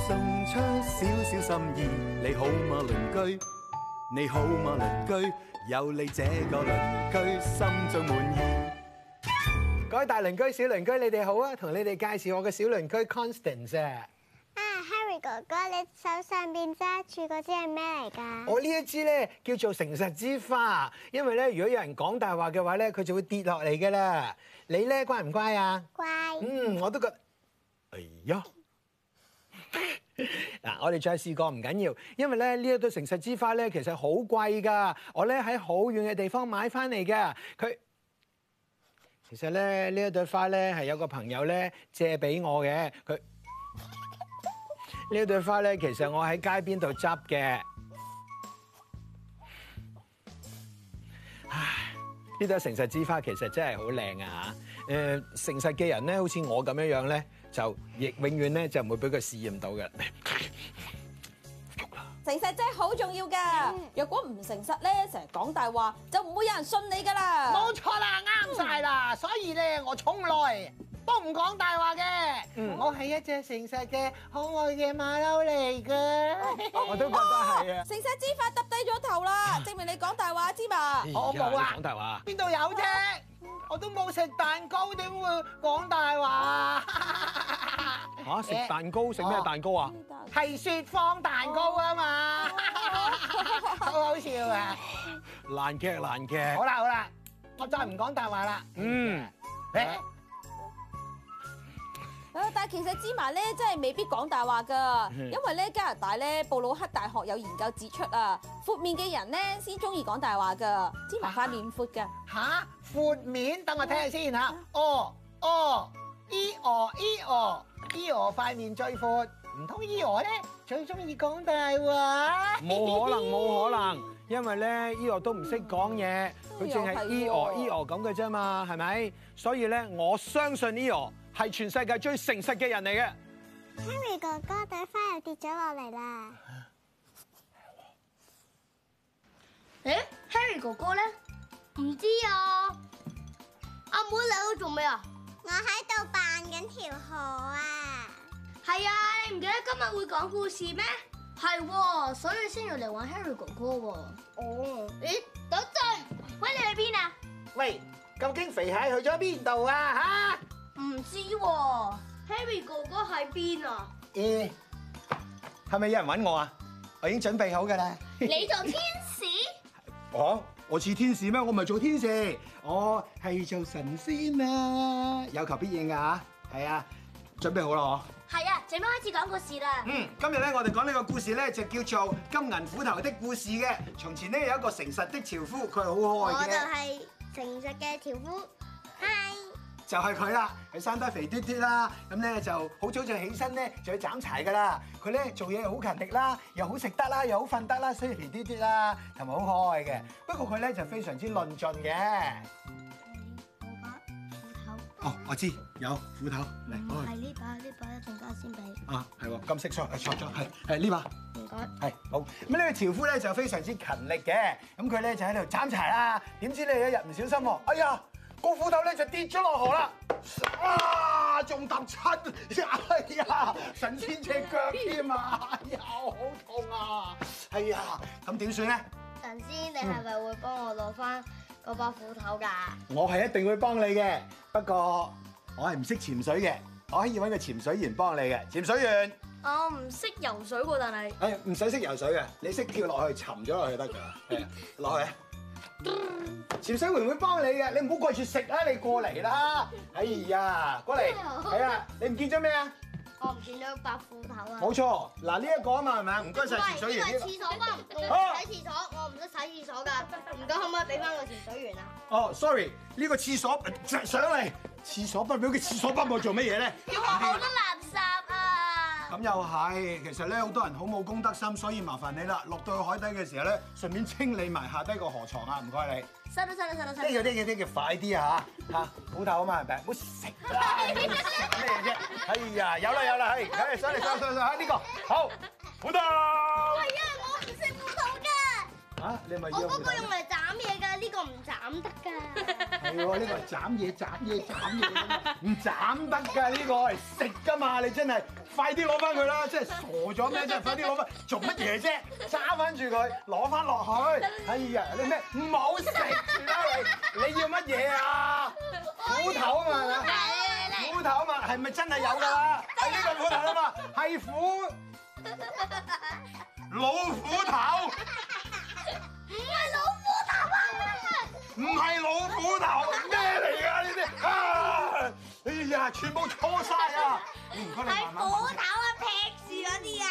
送出少少心意，你好嘛鄰居？你好嘛鄰居？有你這個鄰居，心中滿意。各位大鄰居、小鄰居，你哋好啊！同你哋介紹我嘅小鄰居 Constance 啫。啊、ah，Harry 哥哥，你手上邊揸住嗰支係咩嚟噶？我呢一支咧叫做誠實之花，因為咧如果有人講大話嘅話咧，佢就會跌落嚟嘅啦。你咧乖唔乖啊？乖。嗯，我都覺得。哎呀。嗱，我哋再試過，唔緊要，因為咧呢一朵誠實之花咧，其實好貴噶。我咧喺好遠嘅地方買翻嚟嘅。佢其實咧呢一朵花咧係有個朋友咧借俾我嘅。佢呢一朵花咧，其實我喺街邊度執嘅。唉，呢朵誠實之花其實真係好靚嘅吓。誒、呃，誠實嘅人咧，好似我咁樣樣咧。就亦永遠咧就唔會俾佢試驗到嘅。誠實真係好重要㗎。嗯，若果唔誠實咧，成日講大話，就唔會有人信你㗎啦。冇錯啦，啱晒啦，所以咧我從來都唔講大話嘅，我係一隻誠實嘅可愛嘅馬騮嚟㗎。 我都覺得係啊！誠、哦、實之法耷低咗頭啦， 證明你講大話之嘛！我冇講大話，邊度有啫、嗯？我都冇食蛋糕，點會講大話？嚇、啊！食蛋糕食咩蛋糕啊？係、欸哦、雪芳蛋糕啊嘛，好、哦、 好笑啊！爛劇爛劇，好啦好啦，我再唔講大話啦。嗯，誒、欸，但係其實芝麻咧，真係未必講大話㗎。因為咧，加拿大咧，布魯克大學有研究指出啊，闊面嘅人咧先中意講大話㗎。芝麻塊面闊㗎吓、啊，闊面，等我睇下先嚇。哦哦，咦哦咦哦。Eo 塊面最闊，唔通 Eo 咧最中意講大話？冇可能冇可能，因為咧 Eo 都唔識講嘢，佢淨係 Eo Eo 咁嘅啫嘛，係咪？所以咧，我相信 Eo 係全世界最誠實嘅人嚟嘅。Harry 哥哥朵花又跌咗落嚟啦！誒，Harry 哥哥咧？唔知啊，阿妹嚟咗做咩啊？我喺度扮緊條河啊！係啊，你唔記得今日會講故事咩？係，所以先用嚟玩 Harry 哥哥喎。哦，咦，等陣，喂，你去邊啊？喂，究竟肥蟹去咗邊度啊？吓，唔知喎，Harry 哥哥喺邊啊？咦，係咪有人搵我啊？我已經準備好噶啦。你做天使？哦，我似天使咩？我唔係做天使。我、哦、係做神仙啊，有求必應啊。吓，係啊，準備好啦，係啊，啊，準備開始講故事啦。嗯，今日咧我哋講呢個故事咧就叫做《金銀斧頭的故事》嘅。從前咧有一個誠實的樵夫，佢係好可愛的。我就係誠實嘅樵夫，嗨。就係佢啦，佢生得肥嘟嘟啦，咁咧就好早就起身咧，就去斬柴噶啦。佢咧做嘢又好勤力啦，又好食得啦，又好瞓得啦，雖然肥嘟嘟啦，同埋好可愛嘅。不過佢咧就非常之論盡嘅。你我把斧頭。哦，我知有斧頭嚟。係呢把呢把，一陣間先俾。啊，係喎，金色錯係錯咗，係係呢把。唔該。係好咁呢個樵夫咧就非常之勤力嘅，咁佢咧就喺度斬柴啦。點知你一日唔小心喎，哎呀！個斧頭咧就跌咗落河啦，啊，仲踏親，哎呀，神仙隻腳添啊，哎呀好痛啊，哎呀，咁點算咧？神仙，你係咪會幫我攞翻個把斧頭噶？我係一定會幫你嘅，不過我係唔識潛水嘅，我可以搵個潛水員幫你嘅，潛水員。我唔識游水喎，但係。誒，唔使識游水嘅，你識跳落去，沉咗落去得噶，落去啊！潛水員會唔會幫你嘅，你唔好掛住食啊！你過嚟！啦！哎呀，過嚟，係啊！你唔見咗咩啊？我唔見咗白褲頭啊！冇錯，嗱呢一個啊嘛，係咪啊？唔該晒潛水員。喂，係廁所崩，我洗廁所，我唔使洗廁所噶，唔該可唔可以俾翻個潛水員啊？哦，sorry，呢個廁所着上嚟，廁所崩，你屋企廁所崩我做咩嘢咧？要學校都難。咁又係，其實咧好多人好冇公德心，所以麻煩你啦。落到去海底嘅時候咧，順便清理埋下低個河床啊！唔、啊、該你。收啦收啦收啦收。即係有啲嘢啲叫快啲嚇吓，斧頭啊嘛，唔咪？食啦，唔好食咩嘢啫！哎呀，有啦有啦，係，嚟上嚟上上上嚇呢個好斧頭。唔係啊，係係我唔食斧頭㗎。嚇，你咪我嗰個用嚟斬嘢㗎。啊唔斬得㗎，係喎，呢個斬嘢斬嘢斬嘢，唔斬得㗎呢個，食㗎嘛，你真係快啲攞翻佢啦，真係傻咗咩？真係快啲攞翻，做乜嘢啫？揸翻住佢，攞翻落去。哎呀，你咩唔好食啊？你你要乜嘢啊？斧頭啊嘛，斧頭啊嘛，係咪真係有㗎？係呢個斧頭啊嘛，係虎老虎頭，唔係老虎頭啊嘛。唔係老虎頭咩嚟噶呢啲？哎呀，全部錯晒啊！唔 該你係斧頭啊，劈樹嗰啲啊！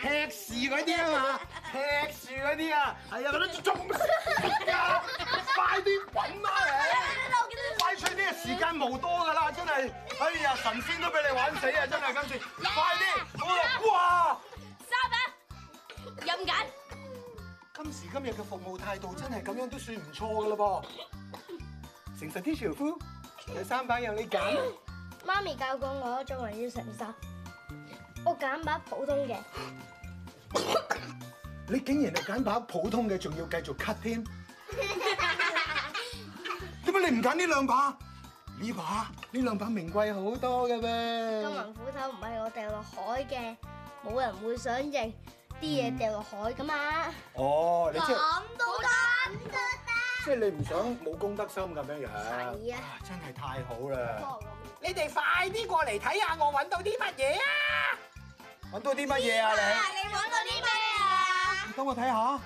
劈樹嗰啲啊嘛，劈樹嗰啲啊，係啊，嗰啲仲呀？哎、呀 快啲揾啦！ 快出啲啊，時間無多㗎啦，真係！哎呀，神仙都俾你玩死啊，真係今次！Yeah. 快啲、yeah.！哇，沙發，飲緊。今時今日嘅服務態度真係咁樣都算唔錯嘅咯噃，誠實啲樵夫，有三把由你揀。媽咪教過我做人要誠實，我揀把普通嘅。你竟然係揀把普通嘅，仲要繼續 cut 添？點 解你唔揀呢兩把？呢把呢兩把名貴好多嘅咩？金黃斧頭唔係我掉落海嘅，冇人會想認。啲嘢掉落海噶嘛？哦，你知咁都得？即係你唔想冇公德心咁樣樣？係啊，真係太好啦！你哋快啲過嚟睇下我揾到啲乜嘢啊！揾到啲乜嘢啊你？你揾到啲咩啊？你等我睇下。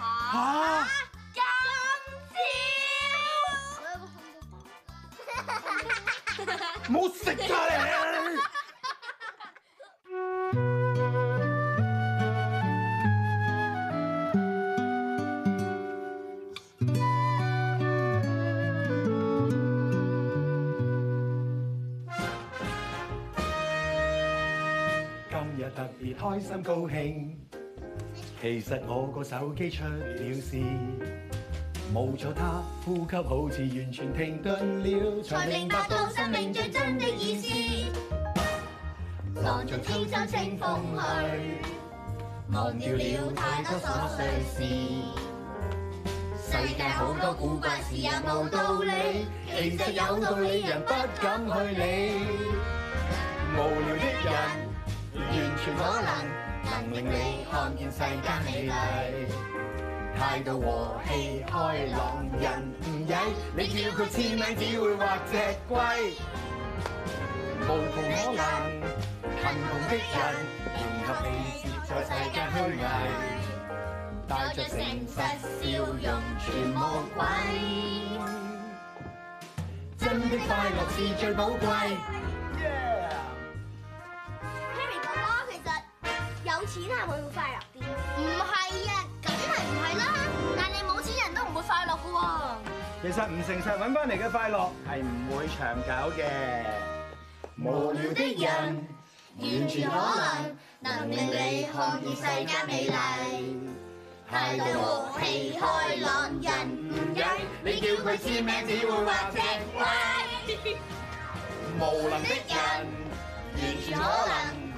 嚇嚇咁少！我有個恐怖片。哈哈哈！冇食架你。特別開心高興，其實我個手機出了事，冇咗。他呼吸好似完全停頓了，才明白到生命最真的意思。望着天秋清風去，忘掉了太多瑣碎事。世界好多古怪事有冇道理，其實有道理人不敢去理，無聊的人。全可能，能令你看見世間美麗。態度和氣開朗人唔曳，你叫佢千里只會畫隻龜。無窮可能，貧窮的人融合你，在世界虛偽，帶着誠實笑容全無愧，真的快樂是最寶貴。錢係咪會快樂啲？唔係啊，梗係唔係啦。但係冇錢人都唔會快樂噶喎。其實唔誠實搵翻嚟嘅快樂係唔會長久嘅。無聊的人完全可能能令你看見世間美麗，帶來和氣開朗。人，你叫佢簽名只會畫隻龜。無能的人完全可能。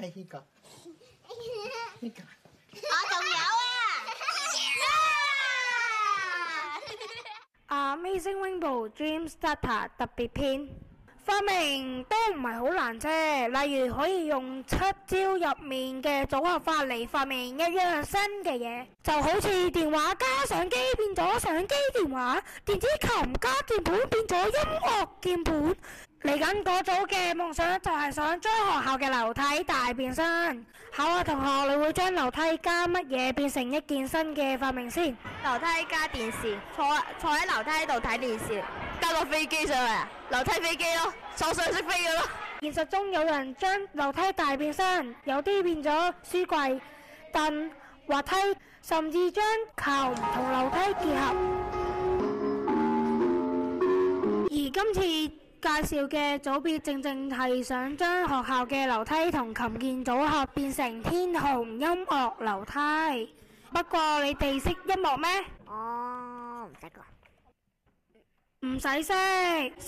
係呢個，呢個，我仲有啊！啊！Amazing Rainbow Dream Starter 特別篇。發明都唔係好難啫，例如可以用七招入面嘅組合法嚟發明一樣新嘅嘢，就好似電話加相機變咗相機電話，電子琴加鍵盤變咗音樂鍵盤。嚟緊嗰組嘅夢想就係想將學校嘅樓梯大變身。考下，同學，你會將樓梯加乜嘢變成一件新嘅發明先？樓梯加電視，坐坐喺樓梯度睇電視，加個飛機上嚟啊？樓梯飛機咯，坐上識飛嘅咯。現實中有人將樓梯大變身，有啲變咗書櫃、凳、滑梯，甚至將球同樓梯結合。而今次。介紹嘅組別正正係想將學校嘅樓梯同琴鍵組合變成天虹音樂樓梯。不過你哋識音樂咩？哦，唔識。唔使識，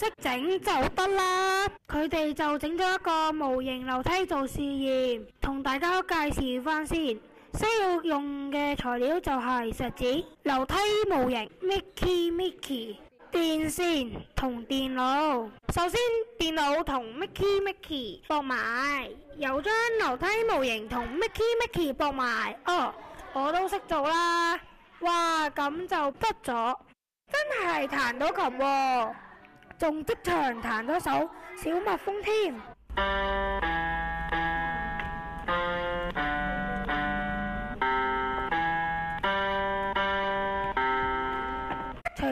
識整就得啦。佢哋就整咗一個模型樓梯做試驗，同大家介紹翻先。需要用嘅材料就係石子、樓梯模型、Mickey Mickey。電線同電腦，首先電腦同 Mickey Mickey 駁埋，又將樓梯模型同 Mickey Mickey 駁埋。哦，我都識做啦。哇，咁就得咗，真係彈到琴，哦，仲即場彈咗首小蜜蜂添。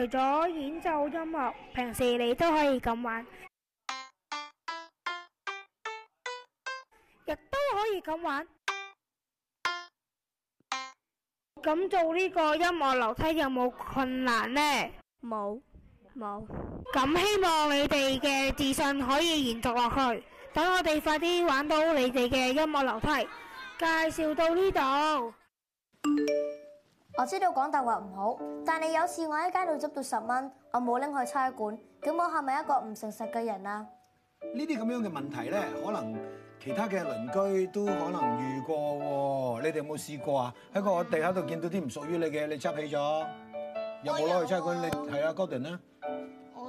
除咗演奏音樂，平時你都可以咁玩，亦都可以咁玩。咁做呢個音樂樓梯有冇困難呢？冇，冇。咁希望你哋嘅自信可以延續落去，等我哋快啲玩到你哋嘅音樂樓梯，介紹到呢度。我知道講大話唔好，但係你有一次我喺街度執到十蚊，我冇拎去差館，咁我係咪一個唔誠實嘅人啊？呢啲咁樣嘅問題咧，可能其他嘅鄰居都可能遇過，你哋有冇試過啊？喺個地下度見到啲唔屬於你嘅，你執起咗，有冇攞去差館？你係啊，Gordon 咧？我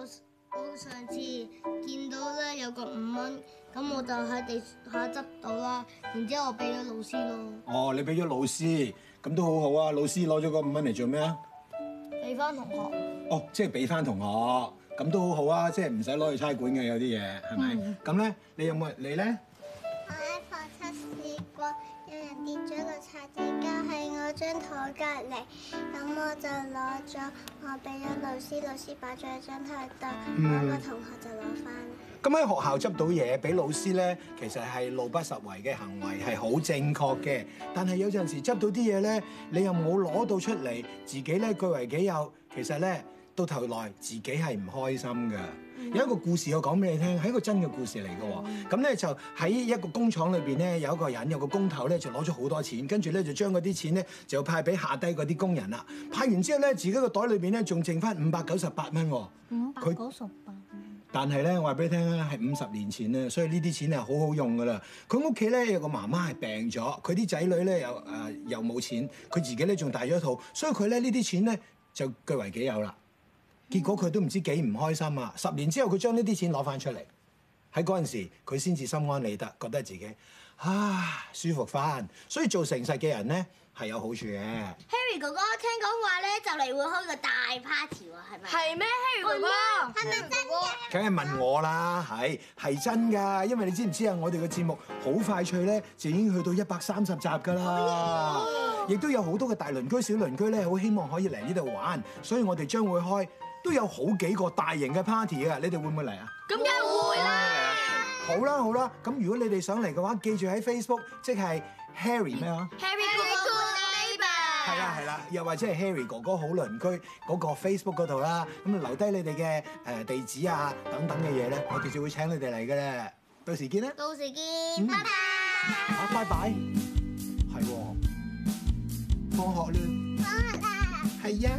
我上次見到咧有個五蚊，咁我就喺地下執到啦，然之後我俾咗老師咯。哦，你俾咗老師。咁都好好啊！老師攞咗個五蚊嚟做咩啊？俾翻同學。哦，即係俾翻同學，咁都好好啊！即係唔使攞去差館嘅。有啲嘢，係咪？咁、嗯、咧，你有冇你咧？我喺課室試過，有人跌咗個擦字膠喺我張台隔離，咁我就攞咗，我俾咗老師，老師擺咗喺張台度，我個同學就攞翻。咁喺學校執到嘢俾老師咧，其實係路不拾遺嘅行為係好正確嘅。但係有陣時執到啲嘢咧，你又冇攞到出嚟，自己咧據為己有，其實咧到頭來自己係唔開心嘅、嗯。有一個故事我講俾你聽，係一個真嘅故事嚟嘅喎。咁、嗯、咧就喺一個工廠裏邊咧，有一個人有個工頭咧就攞咗好多錢，跟住咧就將嗰啲錢咧就派俾下低嗰啲工人啦。派完之後咧，自己個袋裏邊咧仲剩翻五百九十八蚊喎。五百九十八。但係咧，我話俾你聽啊，係五十年前咧，所以呢啲錢係好好用噶啦。佢屋企咧有個媽媽係病咗，佢啲仔女咧又誒、呃、又冇錢，佢自己咧仲大咗套，所以佢咧呢啲錢咧就據為己有啦。結果佢都唔知幾唔開心啊！嗯、十年之後，佢將呢啲錢攞翻出嚟。喺嗰陣時，佢先至心安理得，覺得自己啊舒服翻，所以做誠實嘅人咧係有好處嘅。Harry 哥哥聽講話咧，就嚟會開個大 party 喎，係咪？係咩，Harry 哥哥？係咪真嘅？梗係問我啦，係、啊、係真㗎、啊啊。因為你知唔知啊？我哋嘅節目好快脆咧，就已經去到一百三十集㗎啦。亦都、啊、有好多嘅大鄰居、小鄰居咧，好希望可以嚟呢度玩，所以我哋將會開都有好幾個大型嘅 party 啊！你哋會唔會嚟啊？咁梗會啦。好啦好啦，咁如果你哋想嚟嘅話，記住喺 Facebook，即係 Harry 咩啊？Harry Good Good Neighbour。係啦係啦，又或者係 Harry 哥哥好鄰居嗰個 Facebook 嗰度啦，咁留低你哋嘅誒地址啊等等嘅嘢咧，我哋就會請你哋嚟嘅咧，到時見啦。到時見，拜拜。拜拜，係喎，放學啦。放學啦。係呀。